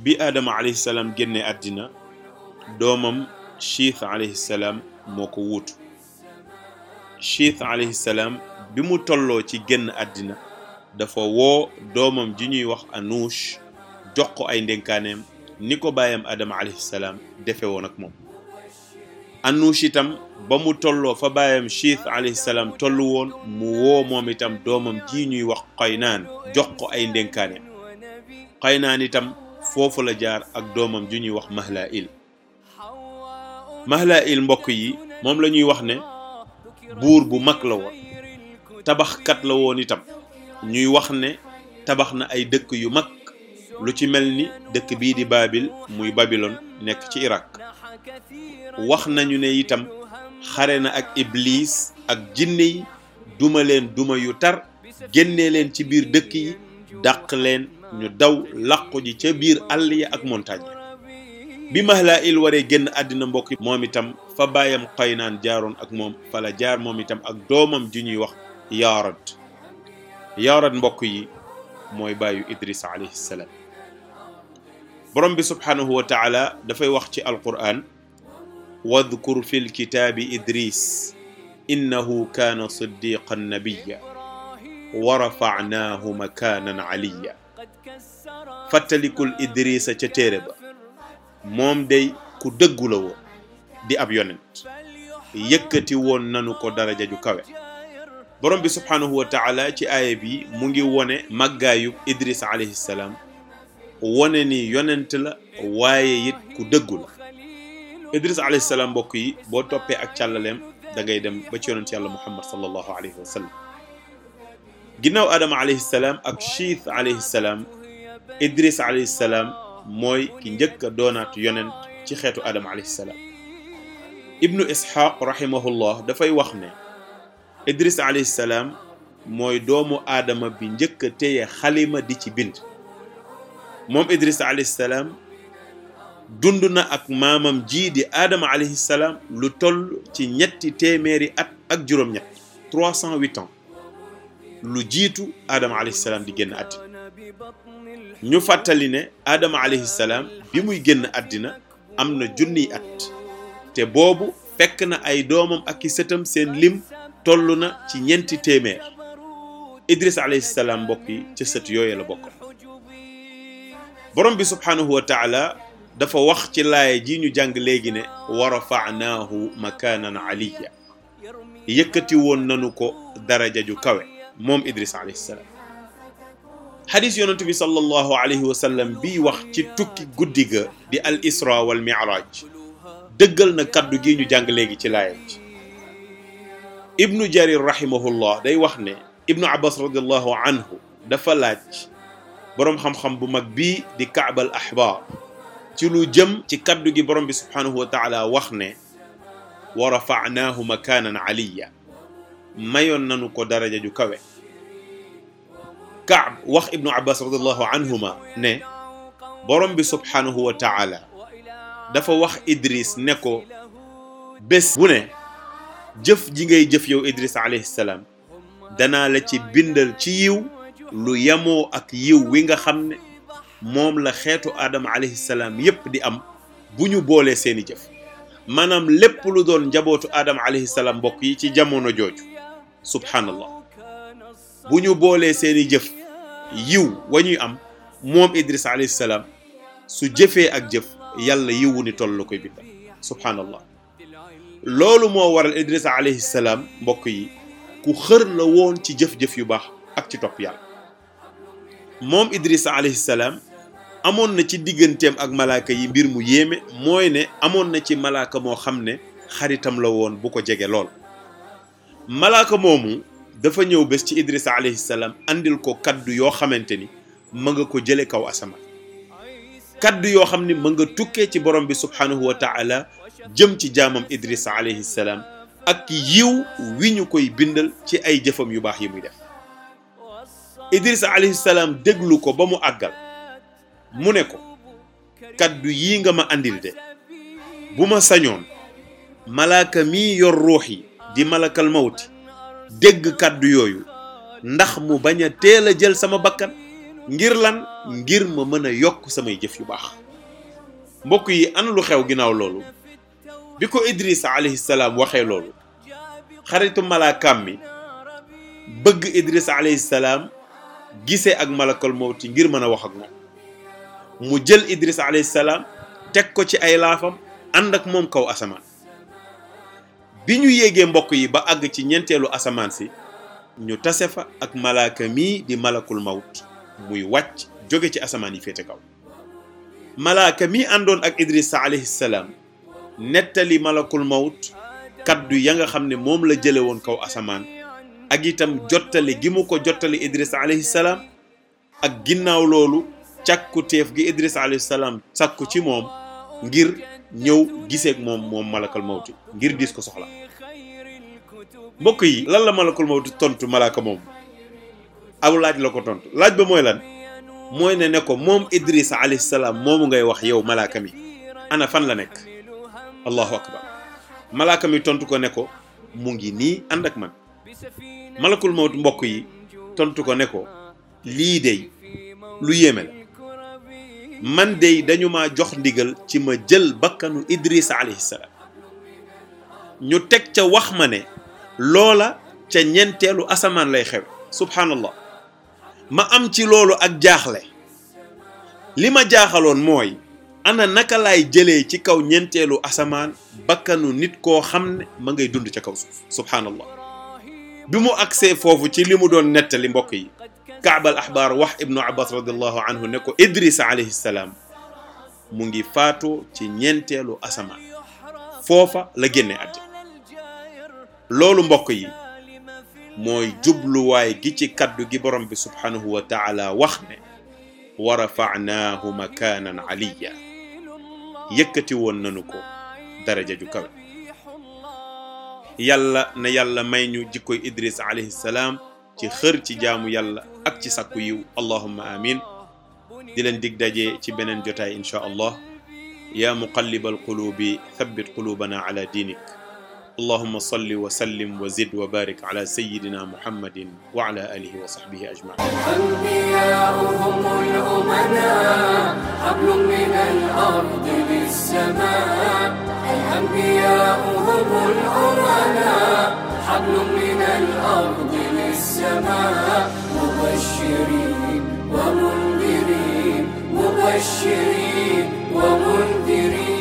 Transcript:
bi aadama alayhi salaam génne àddina doomam chiith alayhi moo ko wuutu chiith alayhi bi mu tolloo ci génn àddina dafa woo doomam ji ñuy wax anuush jox ko ay ndénkaaneem ni ko baayam aadama alayhi defewoon ak moom anuush itam ba mu tolloo fa baayam chiith alayhi salaam tollu woon mu woo moom itam doomam ji ñuy wax Qaynaan jox ko ay ndénkaane Qaynaan itam foofu la jaar ak doomam ju ñuy wax Mahlaa'il il mbokk yi moom la ñuy wax ne buur bu mag la woon tabaxkat la woon itam ñuy wax ne tabax na ay dëkk yu mag lu ci mel ni dëkk bii di Baabil muy Babylone nekk ci Irak wax nañu ne itam xare na ak iblis ak jinne yi duma leen duma yu tar génnee leen ci biir dëkk yi dàq leen ñu daw làqu ji ca biir àll ya ak montagne bi mahlaa il waree génn àddina mbokk moom itam fa baayam qaynaan jaaroon ak moom fala jaar moom itam ak doomam ji ñuy wax yaarad mbokk yi mooy bàyyu idris alayhi borom bi subhanahu wa taala dafay wax ci alquran wadkur fi lkitaabi idris innahu kaana siddiqan nabiya wa rafanaahu makaanan aliya fàttalikul idrisa ca téere ba moom day ku dëggu di ab yonent yëkkati woon nanu ko daraja ju kawe borom bi subhanahu wa taala ci aaya bi mu ngi wone màggaayub idris alayhi salaam wane ni yonent la waaye it ku dëggu la Idris alayhi mbokk yi boo toppee ak càllaleem da ngay dem ba ci yonent yàlla muhammad sallallahu alayhi wa sallam ginnaaw Adama alayhi ak Chiith alayhi salaam Idris alayhi salaam mooy ki njëkk a doonaat ci xeetu Adama alayhi ibnu Isxaaq rahimahullah dafay wax ne Idris alayhi salaam mooy doomu aadama bi njëkk a xalima di ci bind. moom Idrissa alayhi salaam dund na ak maamam jii di Adama alayhi salaam lu toll ci ñetti téeméeri at ak juróom-ñett cent huit lu jiitu Adama alayhi di génn àddina ñu fàttali ne Adama alayhi salaam bi muy génn àddina am na junniy at te boobu fekk na ay doomam aki i sëtam seen lim toll na ci ñeenti téeméer Idrissa alayhi salaam mbokk yi ca sët yooyu la bokk. borom bi subhanahu wa taala dafa wax ci laaya ji ñu jàng léegi ne wa rafanaahu makaanan aliya yëkkati woon nanu ko daraja ju kawe moom idris alayhi salaam xadis bi sallallahu alayhi wa sallam bi wax ci tukki guddi ga di al isra wal miraaj dëggal na kaddu gi ñu jàng léegi ci laaya ji ibnu jarir rahimahullah day wax ne ibnu abbas radiallahu dafa laaj boroom xam-xam bu mag bi di kaabal ahbar ci lu jëm ci kaddu gi borom bi subhaanahu wa taala wax ne wa rafanaahu makaanan aliya mayoon nanu ko daraja ju kawe kaab wax ibnu abbas radiallahu dafa wax idris ne ko bés bu ne jëf ji ngay jëf yow idris alayhi salaam danaa la ci bindal ci yiw lu yemoo ak yiw wi nga xam ne moom la xeetu aadama alayhi salaam yépp di am bu ñu boolee seeni jëf maanaam lépp lu doon njabootu aadama alayhi salaam mbokk yi ci jamono jooju subhanallah bu ñu boolee seeni jëf yiw wa ñuy am moom Idris alayhi salaam su jëfee ak jëf yàlla yiwu ni toll la koy bindal subhanallah loolu moo waral Idris alayhi salaam mbokk yi ku xër la woon ci jëf-jëf yu baax ak ci topp yàlla moom Idrissa alayhi amoon na ci digganteem ak malaaka yi mbir mu yéeme mooy ne amoon na ci malaaka moo xam ne xaritam la woon bu ko jege lool malaaka moomu dafa ñëw bés ci Idrissa alayhi salaam andil ko kàddu yoo xamante ni ma nga ko jële kaw asamaan kaddu yoo xam ne ma nga tukkee ci borom bi subhaanahu wa taala jëm ci jaamam Idrissa alayhi salaam ak yiw wi ñu koy bindal ci ay jëfam yu baax yi muy def Idrissa alayhi salaam déglu ko ba mu àggal mu ne ko kàddu yii nga ma andil de bu ma sañoon malaaka mii yor ruux yi di malakal mawti dégg kàddu yooyu ndax mu bañ a teel a jël sama bakkan ngir lan ngir ma mën a yokk samay jëf yu baax mbokk yi ana lu xew ginnaaw loolu bi ko Idrissa alayhi salaam waxee loolu xaritu malaakaam mi bëgg Idrissa alayhi salaam gise ak malakal mawti ngir mën a wax moom mu jël Idris alayhi salaam teg ko ci ay laafam ànd ak moom kaw asamaan bi ñu yéegee mbokk yi ba àgg ci ñeenteelu asamaan si ñu tase fa ak malaaka mii di malakul mawt muy wàcc jóge ci asamaan yi féete kaw malaaka mi àndoon ak Idrissa alayhi salaam nettali malakul mawt kàddu ya nga xam ne moom la jële woon kaw asamaan ak itam jottali gi mu ko jottali Idris alayhi salaam ak ginnaaw loolu càkku teef gi Idris alayhi salaam sàkku ci moom ngir ñëw giseek moom moom malakal mawti ngir gis ko soxla mbokk yi lan la malakul mawti tontu malaka moom aw laaj la ko tontu laaj ba mooy lan mooy ne ne ko moom Idris alayhi salaam moomu ngay wax yow malaaka mi ana fan la nekk allahu akbar malaka mi tontu ko ne ko mu ngi nii ànd ak man malakul mawt mbokk yi tontu ko ne ko lii dey lu yéeme la man dey dañu ma jox ndigal ci ma jël bakkanu Idris alayhi ñu teg ca wax ma ne loola ca ñeenteelu asamaan lay xew subhanallah ma am ci loolu ak jaaxle li ma jaaxaloon mooy ana naka lay jëlee ci kaw ñeenteelu asamaan bakkanu nit koo xam ne ma ngay dund ca kaw suuf subhanallah bi mu agsee foofu ci li mu doon nettali mbokk yi kaabal ahbaar wax ibnu abbas radiallahu anhu ne ko idris alayhi salaam mu ngi faatoo ci ñeenteelu asamaan foofa la génne àddina loolu mbokk yi mooy jubluwaay gi ci kaddu gi borom bi subhanahu wa wax ne wa rafanaahu makaanan aliya yëkkati woon nanu ko daraja ju kawe yàlla na yàlla may ñu jikkoy Idris alayhi salaam ci xër ci jaamu yàlla ak ci sakku yiw allahumma amin di leen dig daje ci beneen jotaay inchaa allah yaa muqallibal quluubi thabbit quluubana ala diinik allahumma salli wa sallim wa zid wa barik ala sayyidina muhammadin wa ala alihi wa sahbihi ajmain الأنبياء هم الأمناء حبل من الأرض للسماء مبشرين ومنذرين مبشرين ومنذرين